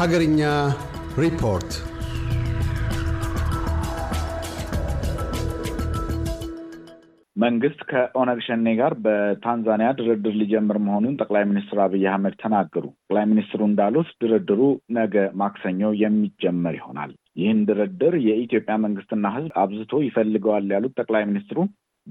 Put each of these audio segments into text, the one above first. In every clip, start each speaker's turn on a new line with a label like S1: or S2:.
S1: Hagarinya report. መንግስት ከኦነግ ሸኔ ጋር በታንዛኒያ ድርድር ሊጀምር መሆኑን ጠቅላይ ሚኒስትር አብይ አህመድ ተናገሩ። ጠቅላይ ሚኒስትሩ እንዳሉት ድርድሩ ነገ ማክሰኞ የሚጀመር ይሆናል። ይህን ድርድር የኢትዮጵያ መንግስትና ሕዝብ አብዝቶ ይፈልገዋል ያሉት ጠቅላይ ሚኒስትሩ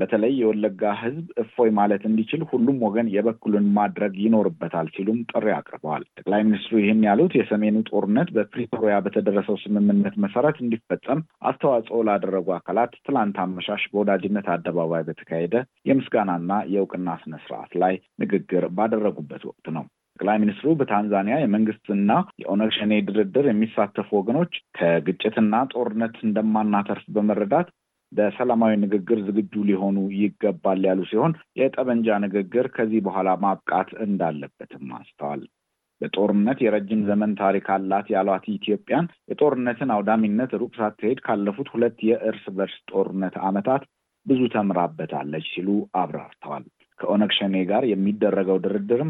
S1: በተለይ የወለጋ ህዝብ እፎይ ማለት እንዲችል ሁሉም ወገን የበኩሉን ማድረግ ይኖርበታል ሲሉም ጥሪ አቅርበዋል። ጠቅላይ ሚኒስትሩ ይህን ያሉት የሰሜኑ ጦርነት በፕሪቶሪያ በተደረሰው ስምምነት መሰረት እንዲፈጸም አስተዋጽኦ ላደረጉ አካላት ትላንት አመሻሽ በወዳጅነት አደባባይ በተካሄደ የምስጋናና የእውቅና ስነስርዓት ላይ ንግግር ባደረጉበት ወቅት ነው። ጠቅላይ ሚኒስትሩ በታንዛኒያ የመንግስትና የኦነግ ሸኔ ድርድር የሚሳተፉ ወገኖች ከግጭትና ጦርነት እንደማናተርፍ በመረዳት ለሰላማዊ ንግግር ዝግጁ ሊሆኑ ይገባል ያሉ ሲሆን የጠመንጃ ንግግር ከዚህ በኋላ ማብቃት እንዳለበትም አስተዋል። በጦርነት የረጅም ዘመን ታሪክ አላት ያሏት ኢትዮጵያን የጦርነትን አውዳሚነት ሩቅ ሳትሄድ ካለፉት ሁለት የእርስ በርስ ጦርነት ዓመታት ብዙ ተምራበታለች ሲሉ አብራርተዋል። ከኦነግ ሸኔ ጋር የሚደረገው ድርድርም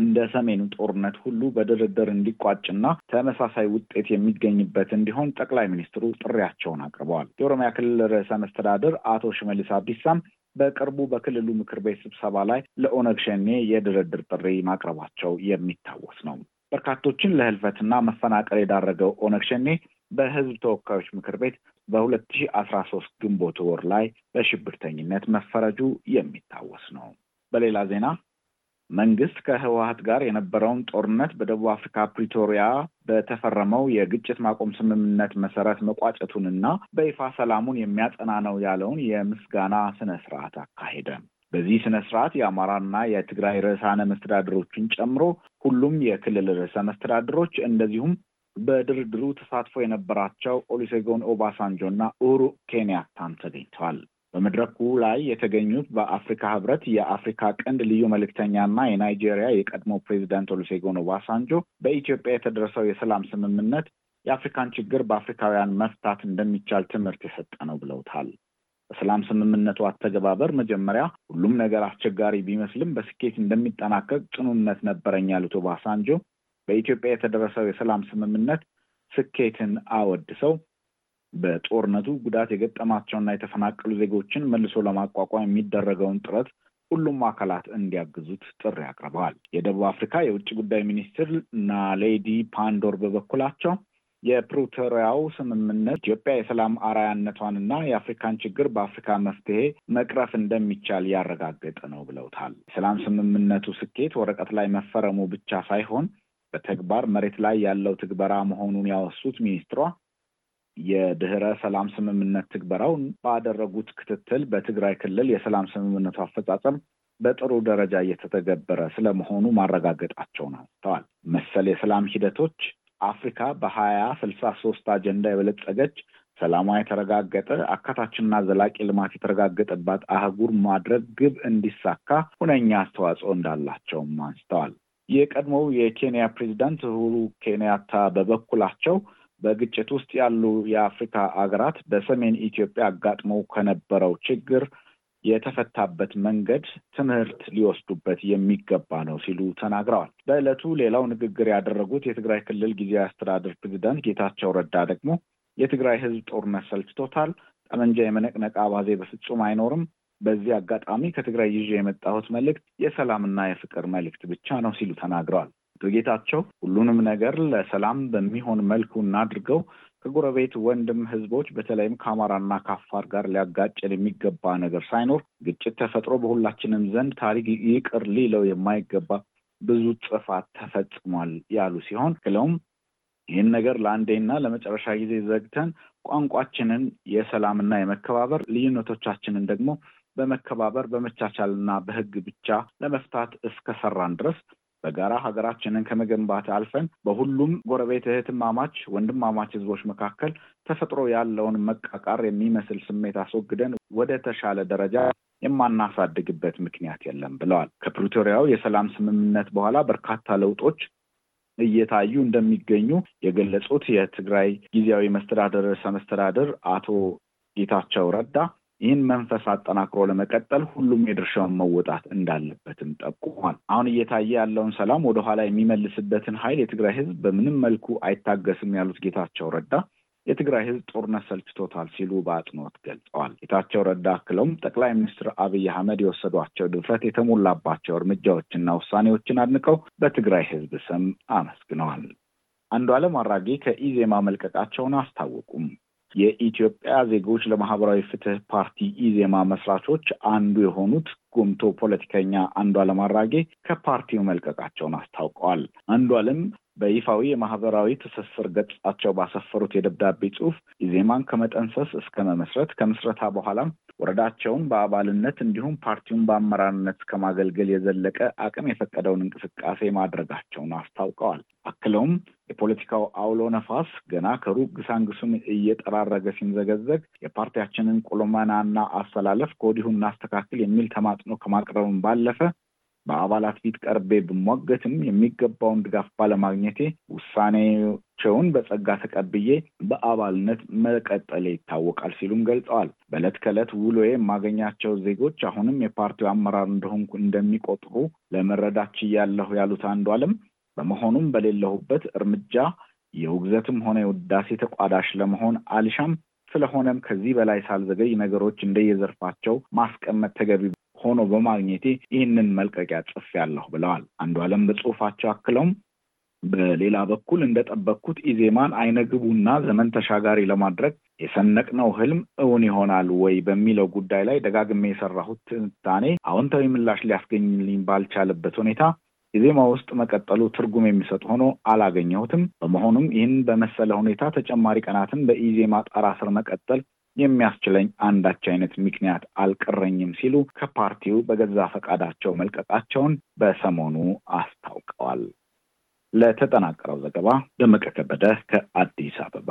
S1: እንደ ሰሜኑ ጦርነት ሁሉ በድርድር እንዲቋጭና ተመሳሳይ ውጤት የሚገኝበት እንዲሆን ጠቅላይ ሚኒስትሩ ጥሪያቸውን አቅርበዋል። የኦሮሚያ ክልል ርዕሰ መስተዳድር አቶ ሽመልስ አብዲሳም በቅርቡ በክልሉ ምክር ቤት ስብሰባ ላይ ለኦነግ ሸኔ የድርድር ጥሪ ማቅረባቸው የሚታወስ ነው። በርካቶችን ለህልፈትና መፈናቀል የዳረገው ኦነግ ሸኔ በህዝብ ተወካዮች ምክር ቤት በ2013 ግንቦት ወር ላይ በሽብርተኝነት መፈረጁ የሚታወስ ነው። በሌላ ዜና መንግስት ከህወሀት ጋር የነበረውን ጦርነት በደቡብ አፍሪካ ፕሪቶሪያ በተፈረመው የግጭት ማቆም ስምምነት መሰረት መቋጨቱንና በይፋ ሰላሙን የሚያጸና ነው ያለውን የምስጋና ስነ ስርዓት አካሄደ። በዚህ ስነ ስርዓት የአማራና የትግራይ ርዕሳነ መስተዳድሮችን ጨምሮ ሁሉም የክልል ርዕሰ መስተዳድሮች እንደዚሁም በድርድሩ ተሳትፎ የነበራቸው ኦሊሴጎን ኦባሳንጆ እና ኡሁሩ ኬንያታን ተገኝተዋል። በመድረኩ ላይ የተገኙት በአፍሪካ ህብረት የአፍሪካ ቀንድ ልዩ መልእክተኛና የናይጄሪያ የቀድሞ ፕሬዚዳንት ኦሉሴጎን ኦባሳንጆ በኢትዮጵያ የተደረሰው የሰላም ስምምነት የአፍሪካን ችግር በአፍሪካውያን መፍታት እንደሚቻል ትምህርት የሰጠ ነው ብለውታል። በሰላም ስምምነቱ አተገባበር መጀመሪያ ሁሉም ነገር አስቸጋሪ ቢመስልም በስኬት እንደሚጠናቀቅ ጽኑነት ነበረኝ ያሉት ኦባሳንጆ በኢትዮጵያ የተደረሰው የሰላም ስምምነት ስኬትን አወድሰው በጦርነቱ ጉዳት የገጠማቸውና የተፈናቀሉ ዜጎችን መልሶ ለማቋቋም የሚደረገውን ጥረት ሁሉም አካላት እንዲያግዙት ጥሪ አቅርበዋል። የደቡብ አፍሪካ የውጭ ጉዳይ ሚኒስትር ናሌዲ ፓንዶር በበኩላቸው የፕሪቶሪያው ስምምነት ኢትዮጵያ የሰላም አራያነቷንና የአፍሪካን ችግር በአፍሪካ መፍትሄ መቅረፍ እንደሚቻል ያረጋገጠ ነው ብለውታል። የሰላም ስምምነቱ ስኬት ወረቀት ላይ መፈረሙ ብቻ ሳይሆን በተግባር መሬት ላይ ያለው ትግበራ መሆኑን ያወሱት ሚኒስትሯ የድህረ ሰላም ስምምነት ትግበራውን ባደረጉት ክትትል በትግራይ ክልል የሰላም ስምምነቱ አፈጻጸም በጥሩ ደረጃ እየተተገበረ ስለመሆኑ ማረጋገጣቸውን አስተዋል። መሰል የሰላም ሂደቶች አፍሪካ በሀያ ስልሳ ሶስት አጀንዳ የበለጸገች ሰላሟ የተረጋገጠ አካታችና ዘላቂ ልማት የተረጋገጠባት አህጉር ማድረግ ግብ እንዲሳካ ሁነኛ አስተዋጽኦ እንዳላቸውም አንስተዋል። የቀድሞው የኬንያ ፕሬዚዳንት ኡሁሩ ኬንያታ በበኩላቸው በግጭት ውስጥ ያሉ የአፍሪካ አገራት በሰሜን ኢትዮጵያ አጋጥመው ከነበረው ችግር የተፈታበት መንገድ ትምህርት ሊወስዱበት የሚገባ ነው ሲሉ ተናግረዋል። በዕለቱ ሌላው ንግግር ያደረጉት የትግራይ ክልል ጊዜያዊ አስተዳደር ፕሬዚዳንት ጌታቸው ረዳ ደግሞ የትግራይ ሕዝብ ጦርነት ሰልችቶታል፣ ጠመንጃ የመነቅነቅ አባዜ በፍጹም አይኖርም። በዚህ አጋጣሚ ከትግራይ ይዤ የመጣሁት መልእክት የሰላምና የፍቅር መልእክት ብቻ ነው ሲሉ ተናግረዋል። አቶ ጌታቸው ሁሉንም ነገር ለሰላም በሚሆን መልኩ እናድርገው ከጎረቤት ወንድም ህዝቦች በተለይም ከአማራና ከአፋር ጋር ሊያጋጨን የሚገባ ነገር ሳይኖር ግጭት ተፈጥሮ በሁላችንም ዘንድ ታሪክ ይቅር ሊለው የማይገባ ብዙ ጥፋት ተፈጽሟል ያሉ ሲሆን ክለውም ይህን ነገር ለአንዴና ለመጨረሻ ጊዜ ዘግተን ቋንቋችንን የሰላምና የመከባበር ልዩነቶቻችንን ደግሞ በመከባበር በመቻቻልና በህግ ብቻ ለመፍታት እስከሰራን ድረስ በጋራ ሀገራችንን ከመገንባት አልፈን በሁሉም ጎረቤት እህትማማች፣ ወንድማማች ህዝቦች መካከል ተፈጥሮ ያለውን መቃቃር የሚመስል ስሜት አስወግደን ወደ ተሻለ ደረጃ የማናሳድግበት ምክንያት የለም ብለዋል። ከፕሪቶሪያው የሰላም ስምምነት በኋላ በርካታ ለውጦች እየታዩ እንደሚገኙ የገለጹት የትግራይ ጊዜያዊ መስተዳደር ርዕሰ መስተዳደር አቶ ጌታቸው ረዳ ይህን መንፈስ አጠናክሮ ለመቀጠል ሁሉም የድርሻውን መወጣት እንዳለበትም ጠቁሟል። አሁን እየታየ ያለውን ሰላም ወደኋላ የሚመልስበትን ኃይል የትግራይ ህዝብ በምንም መልኩ አይታገስም ያሉት ጌታቸው ረዳ የትግራይ ህዝብ ጦርነት ሰልችቶታል ሲሉ በአጽንኦት ገልጸዋል። ጌታቸው ረዳ አክለውም ጠቅላይ ሚኒስትር አብይ አህመድ የወሰዷቸው ድፍረት የተሞላባቸው እርምጃዎችና ውሳኔዎችን አድንቀው በትግራይ ህዝብ ስም አመስግነዋል። አለም አራጌ ከኢዜማ መልቀቃቸውን አስታወቁም። የኢትዮጵያ ዜጎች ለማህበራዊ ፍትህ ፓርቲ ኢዜማ መስራቾች አንዱ የሆኑት ጉምቶ ፖለቲከኛ አንዷለም አራጌ ከፓርቲው መልቀቃቸውን አስታውቀዋል። አንዷለም በይፋዊ የማህበራዊ ትስስር ገጻቸው ባሰፈሩት የደብዳቤ ጽሑፍ ኢዜማን ከመጠንሰስ እስከ መመስረት ከምስረታ በኋላም ወረዳቸውን በአባልነት እንዲሁም ፓርቲውን በአመራርነት ከማገልገል የዘለቀ አቅም የፈቀደውን እንቅስቃሴ ማድረጋቸውን አስታውቀዋል። አክለውም የፖለቲካው አውሎ ነፋስ ገና ከሩቅ ግሳንግሱን እየጠራረገ ሲንዘገዘግ የፓርቲያችንን ቁልመናና አሰላለፍ ከወዲሁ እናስተካክል የሚል ተማጽኖ ከማቅረብም ባለፈ በአባላት ፊት ቀርቤ ብሟገትም የሚገባውን ድጋፍ ባለማግኘቴ ውሳኔቸውን በጸጋ ተቀብዬ በአባልነት መቀጠሌ ይታወቃል ሲሉም ገልጸዋል። በዕለት ከዕለት ውሎዬ የማገኛቸው ዜጎች አሁንም የፓርቲው አመራር እንደሆንኩ እንደሚቆጥሩ ለመረዳት ችያለሁ ያሉት አንዱ አለም በመሆኑም በሌለሁበት እርምጃ የውግዘትም ሆነ የውዳሴ ተቋዳሽ ለመሆን አልሻም። ስለሆነም ከዚህ በላይ ሳልዘገይ ነገሮች እንደየዘርፋቸው ማስቀመጥ ተገቢ ሆኖ በማግኘቴ ይህንን መልቀቂያ ያለሁ ብለዋል። አንዱ አለም በጽሁፋቸው አክለውም በሌላ በኩል እንደጠበቅኩት ኢዜማን አይነግቡና ዘመን ተሻጋሪ ለማድረግ የሰነቅነው ህልም እውን ይሆናል ወይ በሚለው ጉዳይ ላይ ደጋግሜ የሰራሁት ትንታኔ አዎንታዊ ምላሽ ሊያስገኝልኝ ባልቻለበት ሁኔታ ኢዜማ ውስጥ መቀጠሉ ትርጉም የሚሰጥ ሆኖ አላገኘሁትም። በመሆኑም ይህን በመሰለ ሁኔታ ተጨማሪ ቀናትን በኢዜማ ጣራ ስር መቀጠል የሚያስችለኝ አንዳች አይነት ምክንያት አልቀረኝም ሲሉ ከፓርቲው በገዛ ፈቃዳቸው መልቀቃቸውን በሰሞኑ አስታውቀዋል። ለተጠናቀረው ዘገባ ደመቀ ከበደ ከአዲስ አበባ